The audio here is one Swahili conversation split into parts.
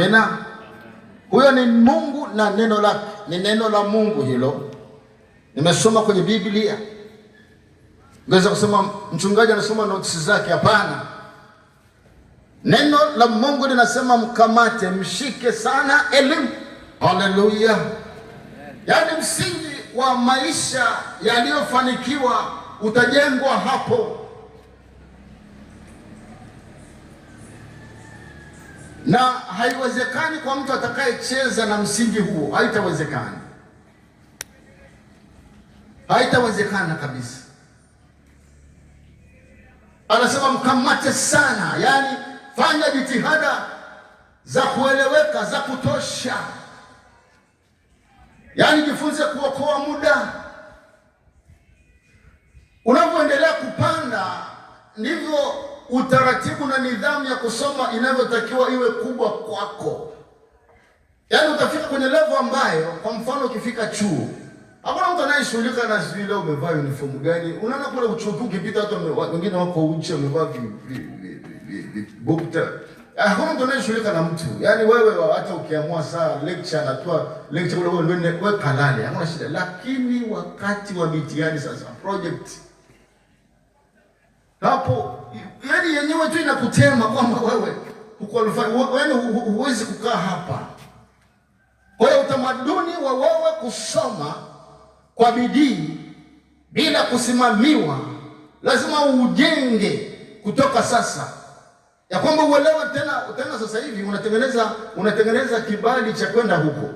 Amina. Huyo ni Mungu na neno lake ni neno la Mungu hilo. Nimesoma kwenye Biblia. Ngeweza kusema mchungaji anasoma notisi zake? Hapana, neno la Mungu linasema mkamate, mshike sana elimu. Haleluya! Yaani msingi wa maisha yaliyofanikiwa utajengwa hapo. na haiwezekani kwa mtu atakayecheza na msingi huo, haitawezekana, haitawezekana kabisa. Anasema mkamate sana, yaani fanya jitihada za kueleweka za kutosha, yaani jifunze kuokoa muda. Unavyoendelea kupanda ndivyo utaratibu na nidhamu ya kusoma inavyotakiwa iwe kubwa kwako. Yaani utafika kwenye level ambayo, kwa mfano, ukifika chuo hakuna mtu anayeshughulika na sijui leo umevaa uniform gani. Unaona kule uchuo ukipita watu wengine wako uchi wamevaa bukta. hakuna mtu anayeshughulika na mtu. Yaani wewe hata ukiamua saa lecture anatoa lecture kule wewe ndio wewe kalale, hakuna shida. Lakini wakati wa mitihani sasa project hapo yaani yenyewe tu inakutema kwamba wewe yaani huwezi kukaa hapa. Kwa hiyo utamaduni wa wewe kusoma kwa bidii bila kusimamiwa lazima ujenge kutoka sasa, ya kwamba uelewe tena tena. Sasa hivi unatengeneza unatengeneza kibali cha kwenda huko.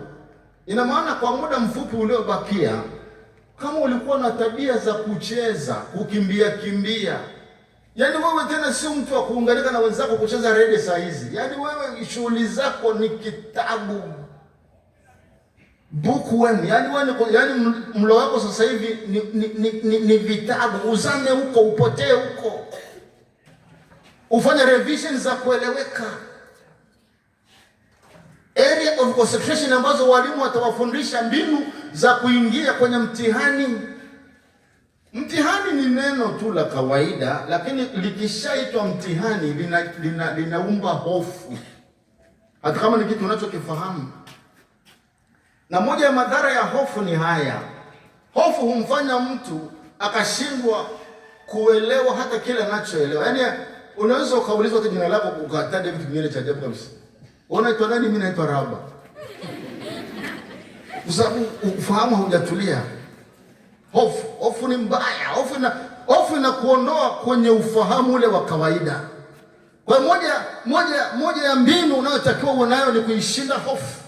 Ina maana kwa muda mfupi uliobakia, kama ulikuwa na tabia za kucheza, kukimbia kimbia Yaani wewe tena sio mtu wa kuunganika na wenzako kucheza rege saa hizi. Yaani wewe shughuli zako ni kitabu bookworm. Yaani wewe ni yaani mlo wako sasa hivi ni, ni, ni, ni, ni vitabu uzame huko upotee huko. Ufanye revision za kueleweka. Area of concentration ambazo walimu watawafundisha mbinu za kuingia kwenye mtihani. Mtihani ni neno tu la kawaida, lakini likishaitwa mtihani linaumba lina, lina hofu, hata kama ni kitu unachokifahamu. Na moja ya madhara ya hofu ni haya: hofu humfanya mtu akashindwa kuelewa hata kile anachoelewa. Yaani unaweza ukaulizwa kwa jina lako ukataja kitu kingine cha ajabu kabisa. Unaitwa nani? Mimi naitwa Raba, kwa sababu ufahamu haujatulia. Hofu, hofu ni mbaya, hofu ina hofu inakuondoa kwenye ufahamu ule wa kawaida. Kwa moja moja moja ya mbinu unayotakiwa uwe nayo ni kuishinda hofu,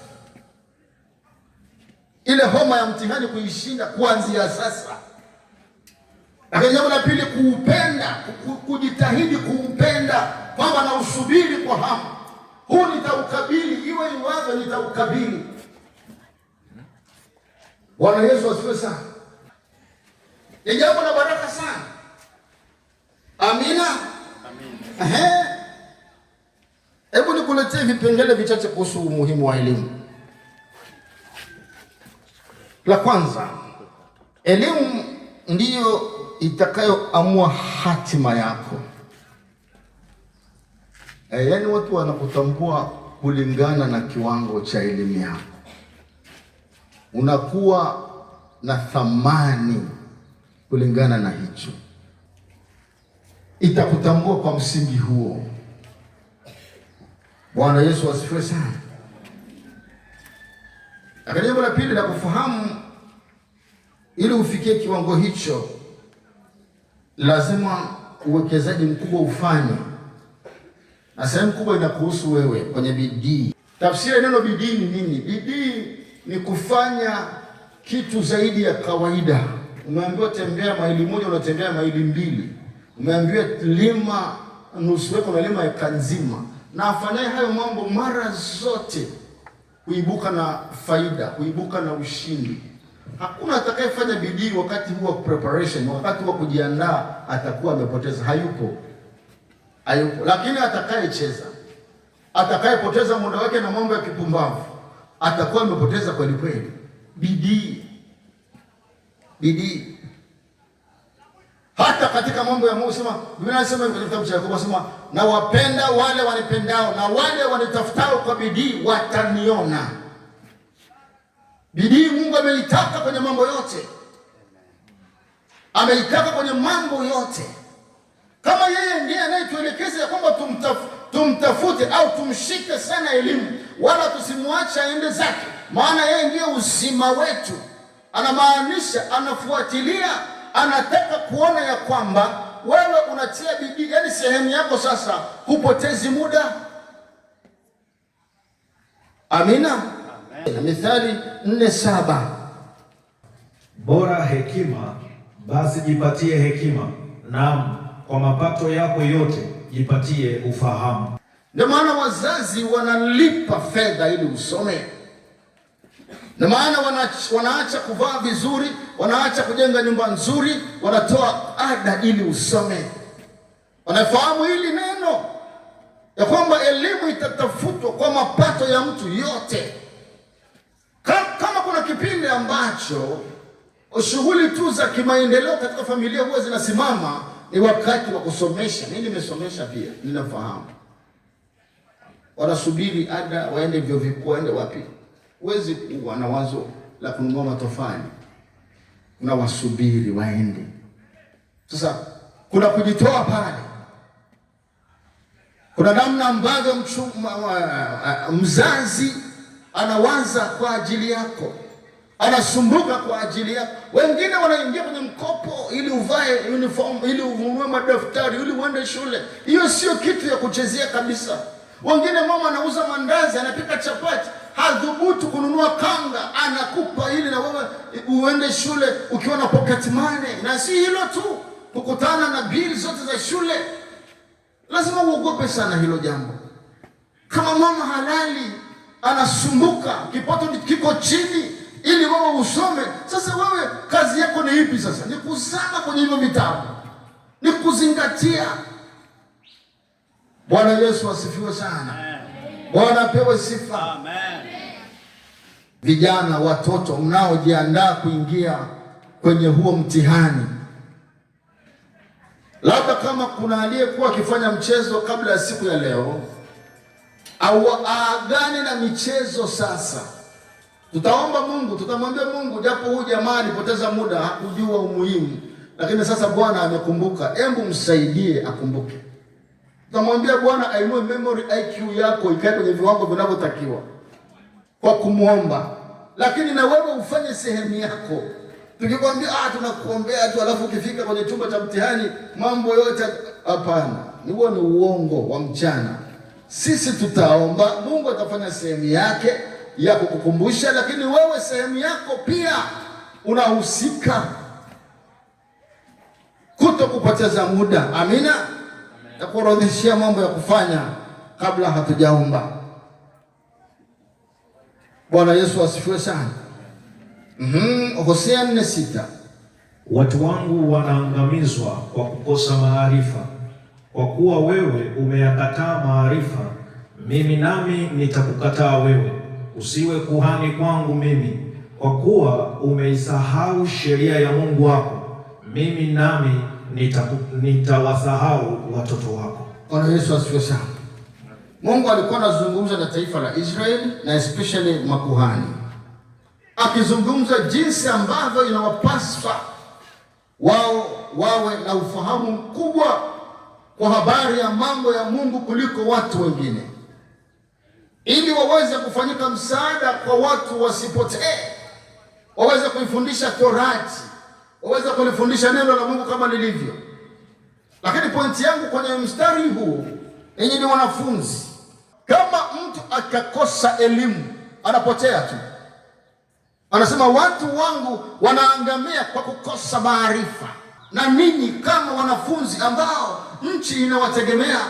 ile homa ya mtihani kuishinda kuanzia sasa. Lakini jambo la pili, kuupenda, kujitahidi kuupenda, kwamba nausubiri kwa hamu, huu nitaukabili, iwe iwavyo nitaukabili. Bwana Yesu asifiwe sana ni jambo la baraka sana. Amina, amina. Hebu nikuletee vipengele vichache kuhusu umuhimu wa elimu. La kwanza, elimu ndiyo itakayoamua hatima yako. E, yaani watu wanakutambua kulingana na kiwango cha elimu yako, unakuwa na thamani kulingana na hicho, itakutambua kwa msingi huo. Bwana Yesu asifiwe sana. Lakini jambo la pili la kufahamu, ili ufikie kiwango hicho, lazima uwekezaji mkubwa ufanye, na sehemu kubwa inakuhusu wewe kwenye bidii. Tafsiri ya neno bidii ni nini? Bidii ni kufanya kitu zaidi ya kawaida umeambiwa tembea maili moja, unatembea maili mbili. Umeambiwa lima nusu na lima eka nzima. Na afanyaye hayo mambo mara zote huibuka na faida, huibuka na ushindi. Hakuna atakayefanya bidii wakati huu wa preparation, wakati wa kujiandaa, atakuwa amepoteza. Hayupo, hayupo. Lakini atakayecheza, atakayepoteza muda wake na mambo ya kipumbavu, atakuwa amepoteza kweli kweli. Bidii bidii hata katika mambo ya Mungu. Sema Biblia inasema katika kitabu cha Yakobo, sema na wapenda wale wanipendao na wale wanitafutao kwa bidii wataniona. Bidii Mungu ameitaka kwenye mambo yote, ameitaka kwenye mambo yote. Kama yeye ndiye anayetuelekeza ya kwamba tumtaf, tumtafute au tumshike sana elimu, wala tusimwache aende zake, maana yeye ndiye uzima wetu anamaanisha anafuatilia, anataka kuona ya kwamba wewe unatia bidii, yaani sehemu yako sasa, hupotezi muda. Amina. Amen. Mithali nne saba bora hekima, basi jipatie hekima, naam, kwa mapato yako yote jipatie ufahamu. Ndio maana wazazi wanalipa fedha ili usome na maana wanaacha, wanaacha kuvaa vizuri, wanaacha kujenga nyumba nzuri, wanatoa ada ili usome. Wanafahamu hili neno ya kwamba elimu itatafutwa kwa mapato ya mtu yote. Kama kuna kipindi ambacho shughuli tu za kimaendeleo katika familia huwa zinasimama, ni wakati wa kusomesha. Mimi nimesomesha pia, ninafahamu. Wanasubiri ada, waende vyuo vikuu, waende wapi huwezi kuwa na wazo la kununua matofali, kuna wasubiri waende. Sasa kuna kujitoa pale, kuna namna ambavyo mzazi anawaza kwa ajili yako, anasumbuka kwa ajili yako. Wengine wanaingia kwenye mkopo ili uvae uniform, ili ununue madaftari, ili uende shule. Hiyo sio kitu ya kuchezea kabisa. Wengine mama anauza mandazi, anapika chapati hadhubutu kununua kanga, anakupa ili na wewe uende shule ukiwa na pocket money. Na si hilo tu, kukutana na bili zote za shule. Lazima uogope sana hilo jambo. Kama mama halali anasumbuka, kipato kiko chini ili wewe usome. Sasa wewe kazi yako ni ipi? Sasa ni kuzama kwenye hivyo vitabu, ni kuzingatia. Bwana Yesu asifiwe sana. Bwana apewe sifa. Amen. Vijana, watoto mnaojiandaa kuingia kwenye huo mtihani, labda kama kuna aliyekuwa akifanya mchezo kabla ya siku ya leo, au aagane na michezo sasa. Tutaomba Mungu, tutamwambia Mungu, japo huyu jamaa alipoteza muda, hakujua umuhimu, lakini sasa Bwana amekumbuka, hebu msaidie akumbuke. Namwambia Bwana ainue memory IQ yako ikae kwenye viwango vinavyotakiwa kwa kumwomba, lakini na wewe ufanye sehemu yako. Tukikwambia ah, tunakuombea tu, alafu ukifika kwenye chumba cha mtihani mambo yote hapana, huo ni uongo wa mchana. Sisi tutaomba, Mungu atafanya sehemu yake ya kukukumbusha, lakini wewe sehemu yako pia unahusika, kuto kupoteza muda. Amina ya kuorodheshia mambo ya kufanya kabla hatujaomba. Bwana Yesu asifiwe sana. mm -hmm. Hosea nne sita watu wangu wanaangamizwa kwa kukosa maarifa, kwa kuwa wewe umeyakataa maarifa, mimi nami nitakukataa wewe, usiwe kuhani kwangu mimi, kwa kuwa umeisahau sheria ya Mungu wako, mimi nami nitawasahau nita watoto wako. Bwana Yesu asifiwe sana. Mungu alikuwa anazungumza na taifa la Israeli na especially makuhani, akizungumza jinsi ambavyo inawapaswa wao wawe na ufahamu mkubwa kwa habari ya mambo ya Mungu kuliko watu wengine, ili waweze kufanyika msaada kwa watu wasipotee, waweze kuifundisha Torati waweza kulifundisha neno la Mungu kama lilivyo. Lakini pointi yangu kwenye mstari huu, ninyi ni wanafunzi. Kama mtu akakosa elimu, anapotea tu. Anasema watu wangu wanaangamia kwa kukosa maarifa. Na ninyi kama wanafunzi ambao nchi inawategemea,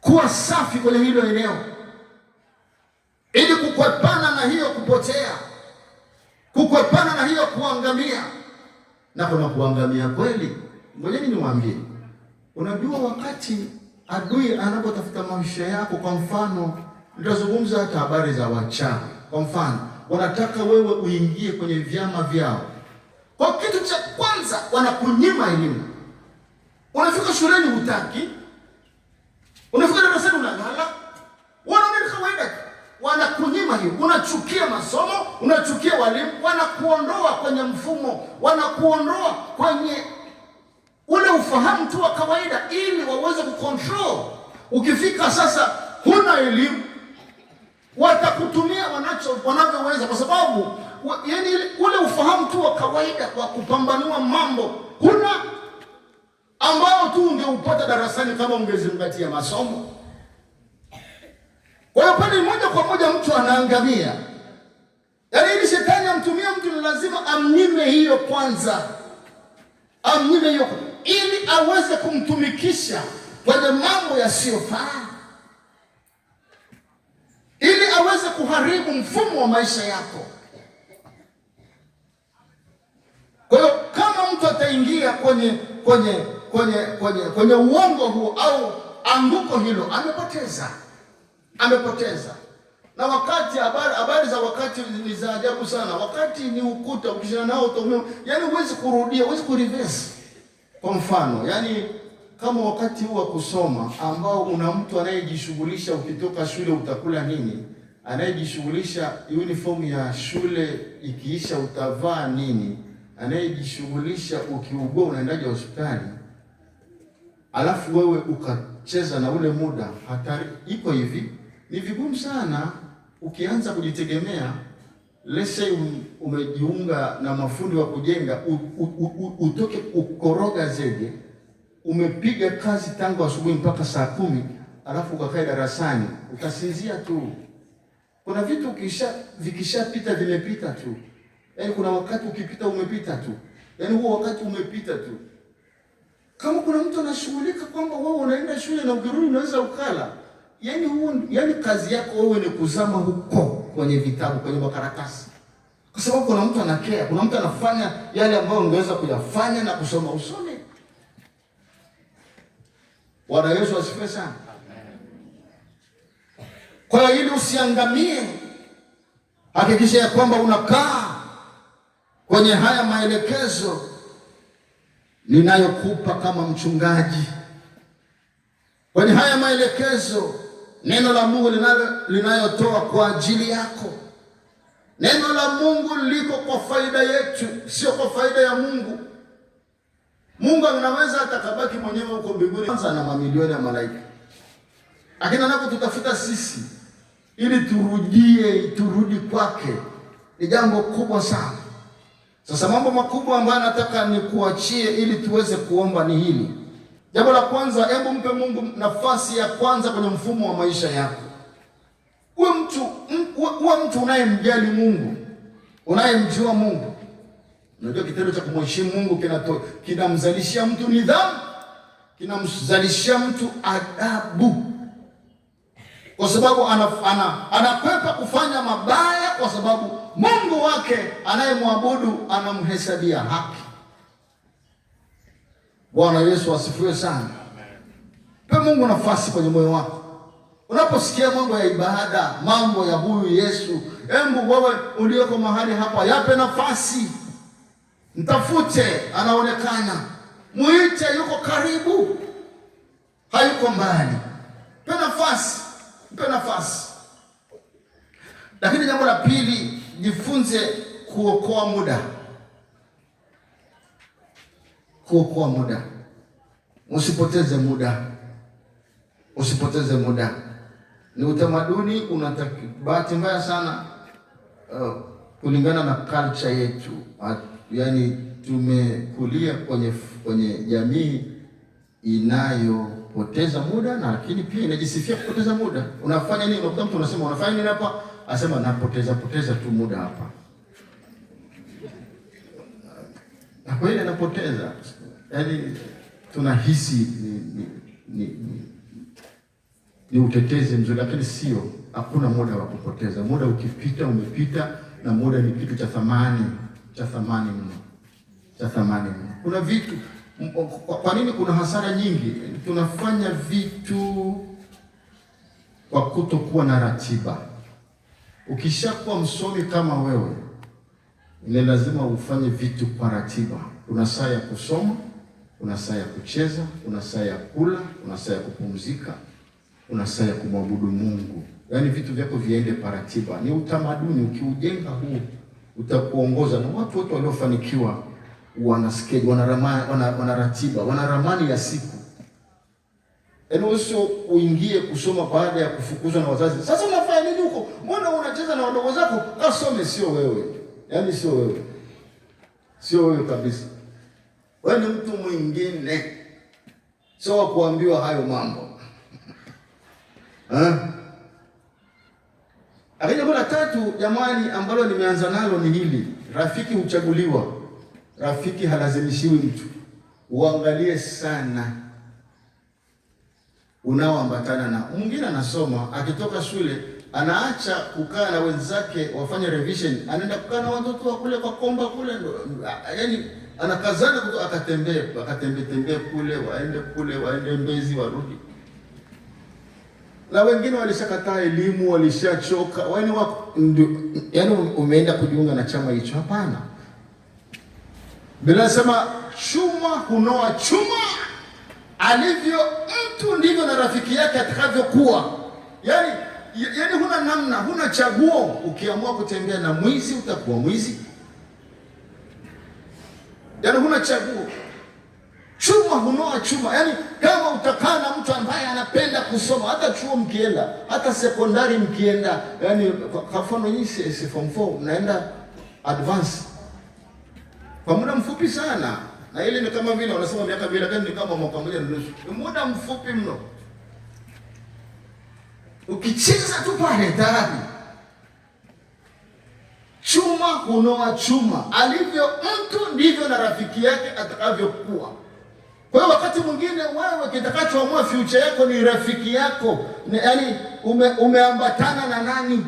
kuwa safi kwenye hilo eneo, ili kukwepana na hiyo kupotea kukwepana na hiyo kuangamia, na kuna kuangamia kweli. Ngojeni niwaambie, unajua wakati adui anapotafuta maisha yako, kwa mfano nitazungumza hata habari za wachawi. Kwa mfano, wanataka wewe uingie kwenye vyama vyao, kwa kitu cha kwanza wanakunyima elimu. Unafika shuleni hutaki, unafika darasani unalala, wanaona kawaida wanakunyima hiyo, unachukia masomo, unachukia walimu, wanakuondoa kwenye mfumo, wanakuondoa kwenye ule ufahamu tu wa kawaida, ili waweze kucontrol. Ukifika sasa, huna elimu, watakutumia wanacho wanavyoweza, kwa sababu yani ule ufahamu tu wa kawaida wa kupambanua mambo huna, ambao tu ungeupata darasani kama ungezingatia masomo. Kwa hiyo pale moja mtu anaangamia. Yaani ili shetani amtumie mtu ni lazima amnyime hiyo kwanza, amnyime hiyo ili aweze kumtumikisha kwenye mambo yasiyofaa, ili aweze kuharibu mfumo wa maisha yako. Kwa hiyo kama mtu ataingia kwenye kwenye kwenye kwenye kwenye uongo huo au anguko hilo, amepoteza, amepoteza na wakati habari habari za wakati ni za ajabu sana. Wakati ni ukuta, ukishana nao utaumia. Yani huwezi kurudia, huwezi kureverse. Kwa mfano, yani kama wakati huu wa kusoma ambao una mtu anayejishughulisha, ukitoka shule utakula nini, anayejishughulisha uniform ya shule ikiisha utavaa nini, anayejishughulisha ukiugua unaendaje hospitali, alafu wewe ukacheza na ule muda, hatari iko hivi, ni vigumu sana ukianza kujitegemea let's say um, umejiunga na mafundi wa kujenga u, u, u, utoke ukoroga zege, umepiga kazi tangu asubuhi mpaka saa kumi, alafu ukakae darasani utasinzia tu. Kuna vitu kisha vikishapita vimepita tu, yaani kuna wakati ukipita umepita tu, yaani huo wakati umepita tu. Kama kuna mtu anashughulika kwamba wewe unaenda shule na ukirudi unaweza ukala yani, huu, yani kazi yako wewe ni kuzama huko kwenye vitabu, kwenye makaratasi, kwa sababu kuna mtu anakea, kuna mtu anafanya yale ambayo ungeweza kuyafanya na kusoma. Usome. Bwana Yesu asifiwe sana. Kwa hiyo ili usiangamie, hakikisha ya kwamba unakaa kwenye haya maelekezo ninayokupa kama mchungaji, kwenye haya maelekezo neno la Mungu linayotoa kwa ajili yako. Neno la Mungu liko kwa faida yetu, sio kwa faida ya Mungu. Mungu anaweza atakabaki mwenyewe huko mbinguni, kwanza na mamilioni ya malaika, lakini anapotutafuta sisi ili turudie, turudi kwake ni jambo kubwa sana. Sasa mambo makubwa ambayo nataka nikuachie ili tuweze kuomba ni hili Jambo la kwanza, hebu mpe Mungu nafasi ya kwanza kwenye mfumo wa maisha yako. Uwe mtu uwe mtu unayemjali Mungu, unayemjua Mungu. Unajua kitendo cha kumheshimu Mungu kinato kinamzalishia mtu nidhamu, kinamzalishia mtu adabu, kwa sababu anakwepa kufanya mabaya, kwa sababu Mungu wake anayemwabudu anamhesabia haki. Bwana Yesu asifiwe sana. Pe Mungu nafasi kwenye moyo wako unaposikia mambo ya ibada, mambo ya huyu Yesu. Embu wewe ulioko mahali hapa, yape nafasi, mtafute, anaonekana, muite, yuko karibu, hayuko mbali. Pe nafasi, mpe nafasi. Lakini jambo la pili, jifunze kuokoa muda kuokoa muda. Usipoteze muda, usipoteze muda. Ni utamaduni unataki. Bahati mbaya sana uh, kulingana na culture yetu yaani yani tumekulia kwenye kwenye jamii inayopoteza muda na lakini pia inajisifia kupoteza muda. Unafanya nini? Unakuta mtu unasema unafanya nini hapa, asema napoteza poteza tu muda hapa. na kweli anapoteza. Yaani tunahisi ni, ni, ni, ni, ni utetezi mzuri, lakini sio. Hakuna muda wa kupoteza, muda ukipita umepita, na muda ni kitu cha thamani cha thamani mno cha thamani mno. Kuna vitu kwa nini kuna hasara nyingi? Tunafanya vitu kwa kutokuwa na ratiba. Ukishakuwa msomi kama wewe ni lazima ufanye vitu kwa ratiba. Kuna saa ya kusoma, kuna saa ya kucheza, kuna saa ya kula, kuna saa ya kupumzika, kuna saa ya kumwabudu Mungu. Yaani vitu vyako viende kwa ratiba. Ni utamaduni, ukiujenga huu utakuongoza. Na watu wote waliofanikiwa wana schedule, wana ramani, wana, wana ratiba, wana ramani ya siku. Yaani usio uingie kusoma baada ya kufukuzwa na wazazi. Sasa unafanya nini huko? Mbona unacheza na wadogo zako? Kasome, sio wewe yaani sio wewe, sio wewe kabisa, wewe ni mtu mwingine, sio kuambiwa hayo mambo eh? lakini jambo la tatu jamani, ambalo nimeanza nalo ni hili: rafiki huchaguliwa, rafiki halazimishiwi mtu. Uangalie sana unaoambatana na mwingine. Anasoma akitoka shule anaacha kukaa na wenzake wafanye revision, anaenda kukaa na watoto wa kule kwa komba kule, yaani anakazana kuto akatembee akatembee tembee kule, waende kule, waende Mbezi, warudi. Na wengine walishakataa elimu, walishachoka, yaani wako yaani, umeenda kujiunga na chama hicho? Hapana. Bila sema chuma hunoa chuma, alivyo mtu ndivyo na rafiki yake atakavyokuwa, yaani yaani huna namna, huna chaguo. Ukiamua kutembea na mwizi utakuwa mwizi, yaani huna chaguo. Chuma hunoa chuma, yaani kama utakaa na mtu ambaye anapenda kusoma, hata chuo mkienda, hata sekondari mkienda, yaani kwa mfano nyinyi si form 4 mnaenda advance kwa muda mfupi sana, na ile ni kama vile wanasema miaka bila, lakini ni kama mwaka mmoja na nusu, ni muda mfupi mno. Ukicheza tu pale ndani, chuma hunoa chuma. Alivyo mtu ndivyo na rafiki yake atakavyokuwa. Kwa hiyo wakati mwingine wewe kitakachoamua future yako ni rafiki yako, yaani ume, umeambatana na nani,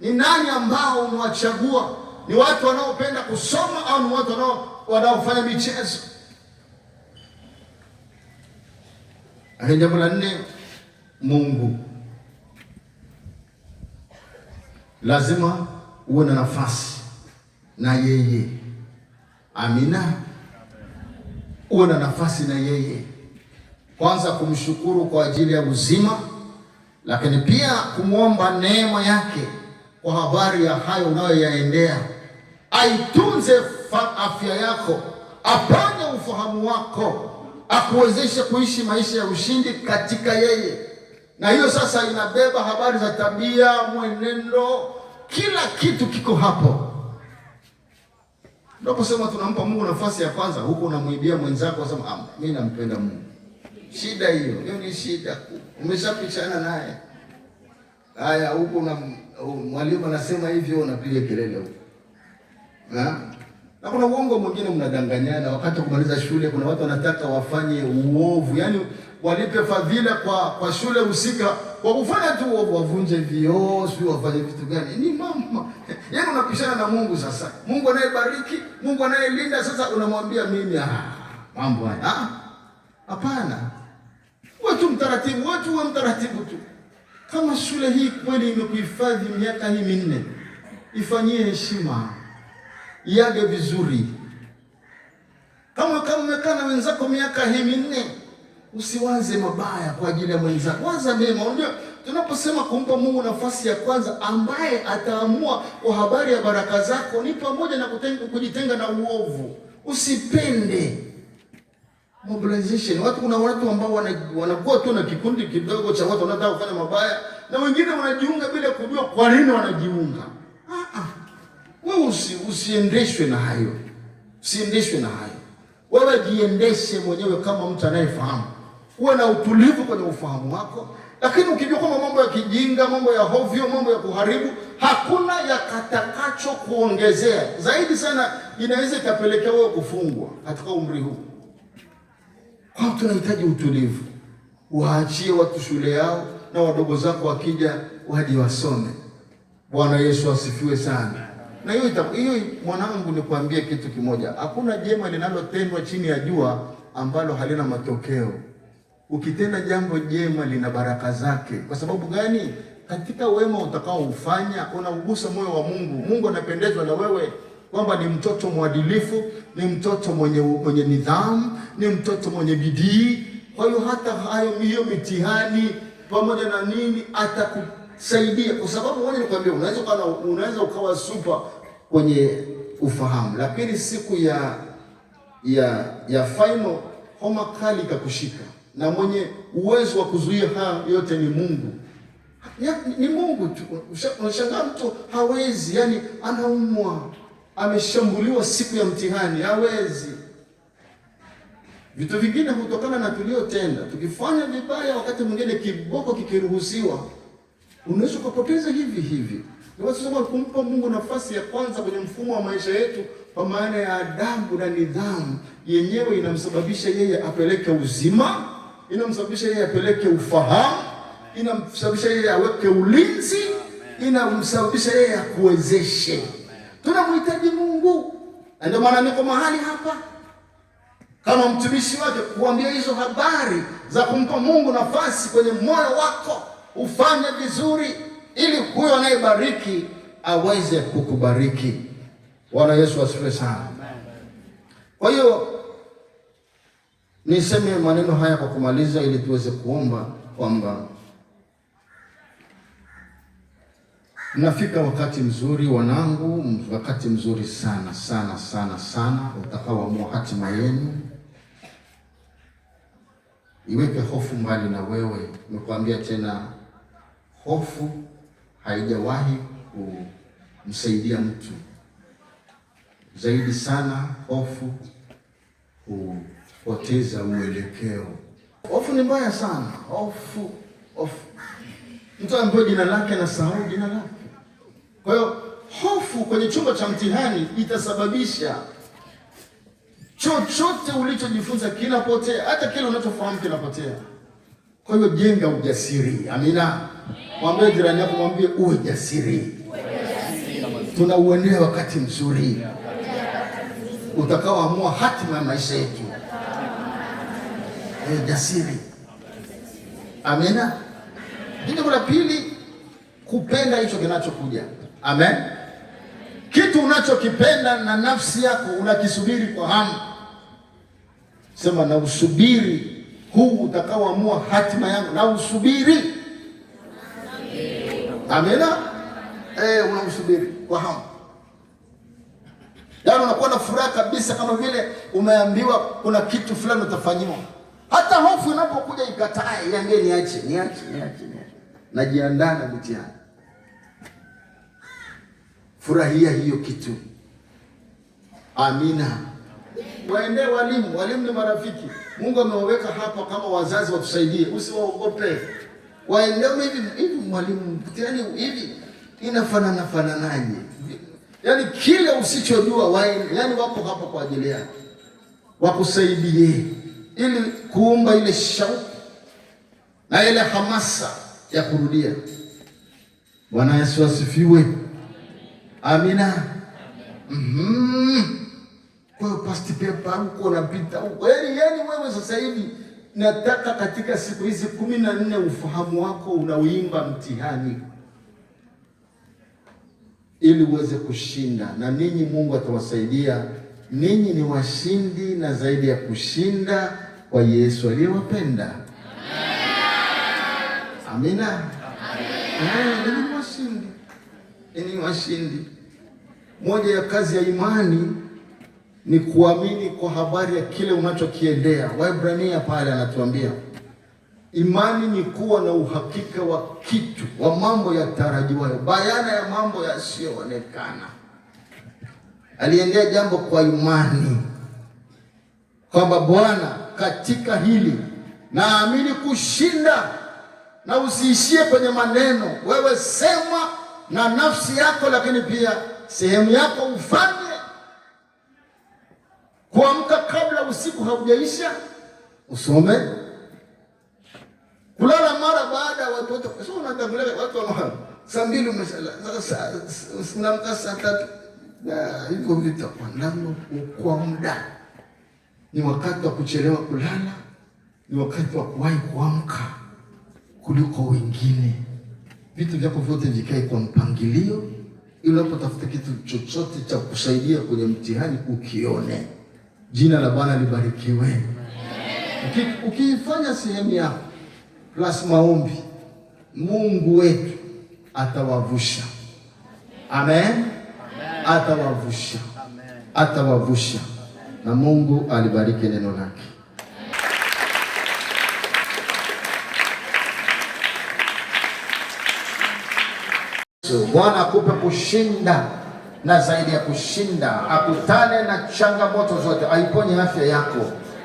ni nani ambao umewachagua, ni watu wanaopenda kusoma au ni watu wanaofanya michezo? Jambo la nne, Mungu lazima uwe na nafasi na yeye. Amina, uwe na nafasi na yeye, kwanza kumshukuru kwa ajili ya uzima, lakini pia kumwomba neema yake kwa habari ya hayo unayoyaendea. Aitunze afya yako, apane ufahamu wako, akuwezeshe kuishi maisha ya ushindi katika yeye na hiyo sasa inabeba habari za tabia, mwenendo, kila kitu kiko hapo. Ndio kusema tunampa Mungu nafasi ya kwanza, huko unamwibia mwenzako, unasema ah, mimi nampenda Mungu. Shida hiyo hiyo ni shida, umeshapishana naye. Haya, huko na mwalimu anasema hivyo, unapiga kelele huko na na kuna uongo mwingine mnadanganyana. Wakati kumaliza shule, kuna watu wanataka wafanye uovu, yaani walipe fadhila kwa kwa shule husika, kwa kufanya tu wavunje vioo, sijui wafanye vitu gani. Ni mama yaani, unapishana na Mungu. Sasa Mungu anayebariki, Mungu anayelinda, sasa unamwambia mimi ah, mambo haya ah, hapana. Watu mtaratibu, watu wa mtaratibu tu. Kama shule hii kweli imekuhifadhi miaka hii minne, ifanyie heshima, iage vizuri. Kama kama umekaa na wenzako miaka hii minne Usiwaze mabaya kwa ajili ya mwenzako, waza mema. Unajua, tunaposema kumpa Mungu nafasi ya kwanza, ambaye ataamua kwa habari ya baraka zako ni pamoja na kutenga, kujitenga na uovu. Usipende mobilization. Watu, kuna watu ambao wanakuwa tu na kikundi kidogo cha watu wanataka kufanya mabaya, na wengine wanajiunga bila kujua kwa nini wanajiunga. Ah ah, wewe usi, usiendeshwe na hayo, usiendeshwe na hayo. Wewe jiendeshe mwenyewe kama mtu anayefahamu uwe na utulivu kwenye ufahamu wako, lakini ukijua kwamba mambo ya kijinga, mambo ya hovyo, mambo ya kuharibu, hakuna yakatakacho kuongezea zaidi sana. Inaweza ikapelekea wewe kufungwa katika umri huu. Kwa tunahitaji utulivu, waachie watu shule yao, na wadogo zako wakija waje wasome. Bwana Yesu asifiwe sana. Na hiyo hiyo, mwanangu, nikuambie kitu kimoja, hakuna jema linalotendwa chini ya jua ambalo halina matokeo. Ukitenda jambo jema lina baraka zake. Kwa sababu gani? Katika wema utakaoufanya unaugusa moyo wa Mungu. Mungu anapendezwa na wewe kwamba ni mtoto mwadilifu, ni mtoto mwenye, mwenye nidhamu, ni mtoto mwenye bidii. Kwa hiyo hata hayo hiyo mitihani pamoja na nini atakusaidia, kwa sababu wewe nikwambia, unaweza kana unaweza ukawa super kwenye ufahamu, lakini siku ya ya ya final homa kali ikakushika na mwenye uwezo wa kuzuia haya yote ni Mungu ya, ni Mungu tu. Unashangaa mtu hawezi, yani anaumwa, ameshambuliwa siku ya mtihani, hawezi. Vitu vingine hutokana na tuliotenda. Tukifanya vibaya, wakati mwingine kiboko kikiruhusiwa, unaweza kupoteza hivi hivi. Sasa kumpa Mungu nafasi ya kwanza kwenye mfumo wa maisha yetu, kwa maana ya adabu na nidhamu yenyewe inamsababisha yeye apeleke uzima inamsababisha yeye apeleke ufahamu, inamsababisha yeye aweke ulinzi, inamsababisha yeye akuwezeshe. Tunamhitaji Mungu, na ndio maana niko mahali hapa kama mtumishi wake kuambia hizo habari za kumpa Mungu nafasi kwenye moyo wako, ufanye vizuri ili huyo anayebariki aweze kukubariki. Bwana Yesu asifiwe sana. Kwa hiyo Niseme maneno haya kwa kumaliza, ili tuweze kuomba kwamba nafika wakati mzuri wanangu, wakati mzuri sana sana sana sana utakaoamua hatima yenu. Iweke hofu mbali na wewe. nikwambia tena, hofu haijawahi kumsaidia mtu zaidi sana hofu hu poteza mwelekeo. Hofu ni mbaya sana. Hofu, hofu, mtu ambaye jina lake anasahau jina lake. Kwa hiyo hofu kwenye chumba cha mtihani itasababisha chochote ulichojifunza kinapotea, hata kile unachofahamu kinapotea. Kwa hiyo jenga ujasiri. Amina, mwambie jirani yako, mwambie uwe jasiri. Tunauendea wakati mzuri utakaoamua hatima ya maisha yetu eh, jasiri. Amina. Jambo la pili, kupenda hicho kinachokuja. Amen. Kitu unachokipenda na nafsi yako unakisubiri kwa hamu. Sema na usubiri huu utakaoamua hatima yangu, na usubiri. Amina. Eh, unamsubiri kwa hamu. Yaani unakuwa na furaha kabisa kama vile umeambiwa kuna kitu fulani utafanyiwa. Hata hofu inapokuja ikatae, iambie niache, niache, niache, niache. Najiandaa na mtihani. Furahia hiyo kitu. Amina. Waende walimu, walimu ni marafiki. Mungu amewaweka hapa kama wazazi watusaidie, usiwaogope. Waende hivi hivi, mwalimu mtihani hivi inafanana fananaje? Yaani kile usichojua waende, yaani wako hapa kwa ajili yako. Wakusaidie ili kuumba ile shauku na ile hamasa ya kurudia. Bwana Yesu asifiwe, amina. Mhm. Kwa hiyo past paper huko unapita huko, yaani yaani wewe sasa hivi nataka katika siku hizi kumi na nne ufahamu wako unauimba mtihani ili uweze kushinda, na ninyi Mungu atawasaidia ninyi. Ni washindi na zaidi ya kushinda kwa Yesu aliyewapenda. Amina, ni washindi, ni washindi. Moja ya kazi ya imani ni kuamini kwa habari ya kile unachokiendea. Waebrania pale anatuambia imani ni kuwa na uhakika wa kitu, wa mambo ya yatarajiwayo, bayana ya mambo yasiyoonekana. Aliendea jambo kwa imani kwamba Bwana katika hili. Naamini kushinda, na usiishie kwenye maneno. Wewe sema na nafsi yako, lakini pia sehemu yako ufanye. Kuamka kabla usiku haujaisha, usome. Kulala mara baada ya watu wote, sio unatangulia watu wa saa mbili mnamka saa tatu, hivyo vitu kwa muda ni wakati wa kuchelewa kulala, ni wakati wa kuwahi kuamka kuliko wengine. Vitu vyako vyote vikae kwa mpangilio, ili unapotafuta kitu chochote cha kusaidia kwenye mtihani ukione. Jina la Bwana libarikiwe. Ukiifanya sehemu yako plus maombi, Mungu wetu atawavusha. Amen, atawavusha, atawavusha na Mungu alibariki neno lake. Bwana akupe kushinda na zaidi ya kushinda, akutane na changamoto zote, aiponye afya yako.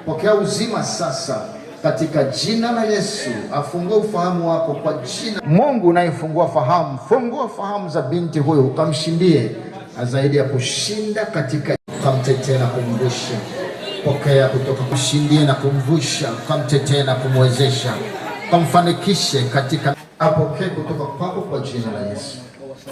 Pokea uzima sasa katika jina la Yesu. Afungue ufahamu wako kwa jina Mungu, unayefungua fahamu, fungua fahamu za binti huyo, ukamshindie zaidi ya kushinda katika ukamtetee na kumvusha. Pokea kutoka kushindia na kumvusha, ukamtetee na kumwezesha, ukamfanikishe katika. Apokee kutoka kwako kwa jina la Yesu.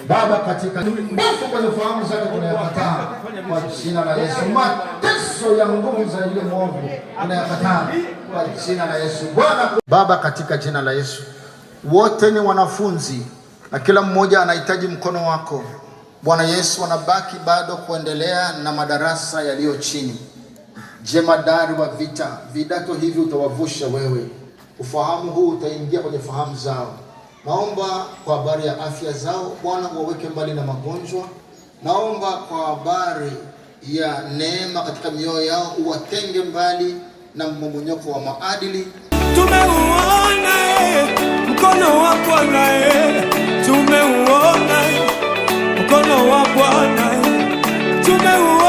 Baba, katika ndefu kwenye fahamu zake tunayakataa kwa jina la Yesu. Mateso ya nguvu za yule mwovu tunayakataa kwa jina la Yesu. Bwana, Baba, katika jina la Yesu, wote ni wanafunzi na kila mmoja anahitaji mkono wako. Bwana Yesu anabaki bado kuendelea na madarasa yaliyo chini. Jemadari wa vita, vidato hivi utawavusha wewe, ufahamu huu utaingia kwenye fahamu zao. Naomba kwa habari ya afya zao, Bwana uwaweke mbali na magonjwa. Naomba kwa habari ya neema katika mioyo yao, uwatenge mbali na mmomonyoko wa maadili. Tumeuona mkono wako naye, tumeuona wa Bwana tumeu